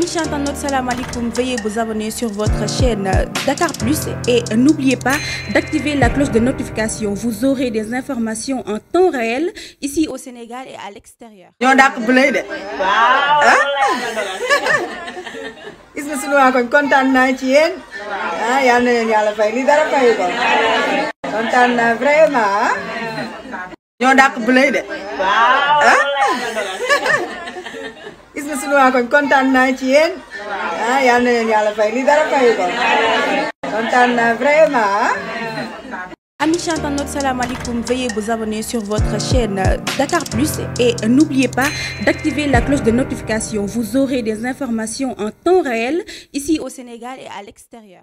Amis chers internautes, salam alaikum. Veuillez vous abonner sur votre chaîne Dakar Plus et n'oubliez pas d'activer la cloche de notification. Vous aurez des informations en temps réel ici au Sénégal et à l'extérieur. ñoo dàq blé de. waaw ah? gis nga sunu waa koñ kontaan naa ci yéen. ah yal na leen yàlla fay li dara fayu ko. kontaan naa vraiment. Ah. ñoo dàq blé de. waaw ah? maa koñ kontaan naa ci yéen yàlla fay li dara fayu ko kontaan naa vous abonner sur votre chaîne Dakar Plus et n'oubliez pas d'activer la cloche de notification. Vous aurez des informations en temps réel ici au Sénégal et à l'extérieur.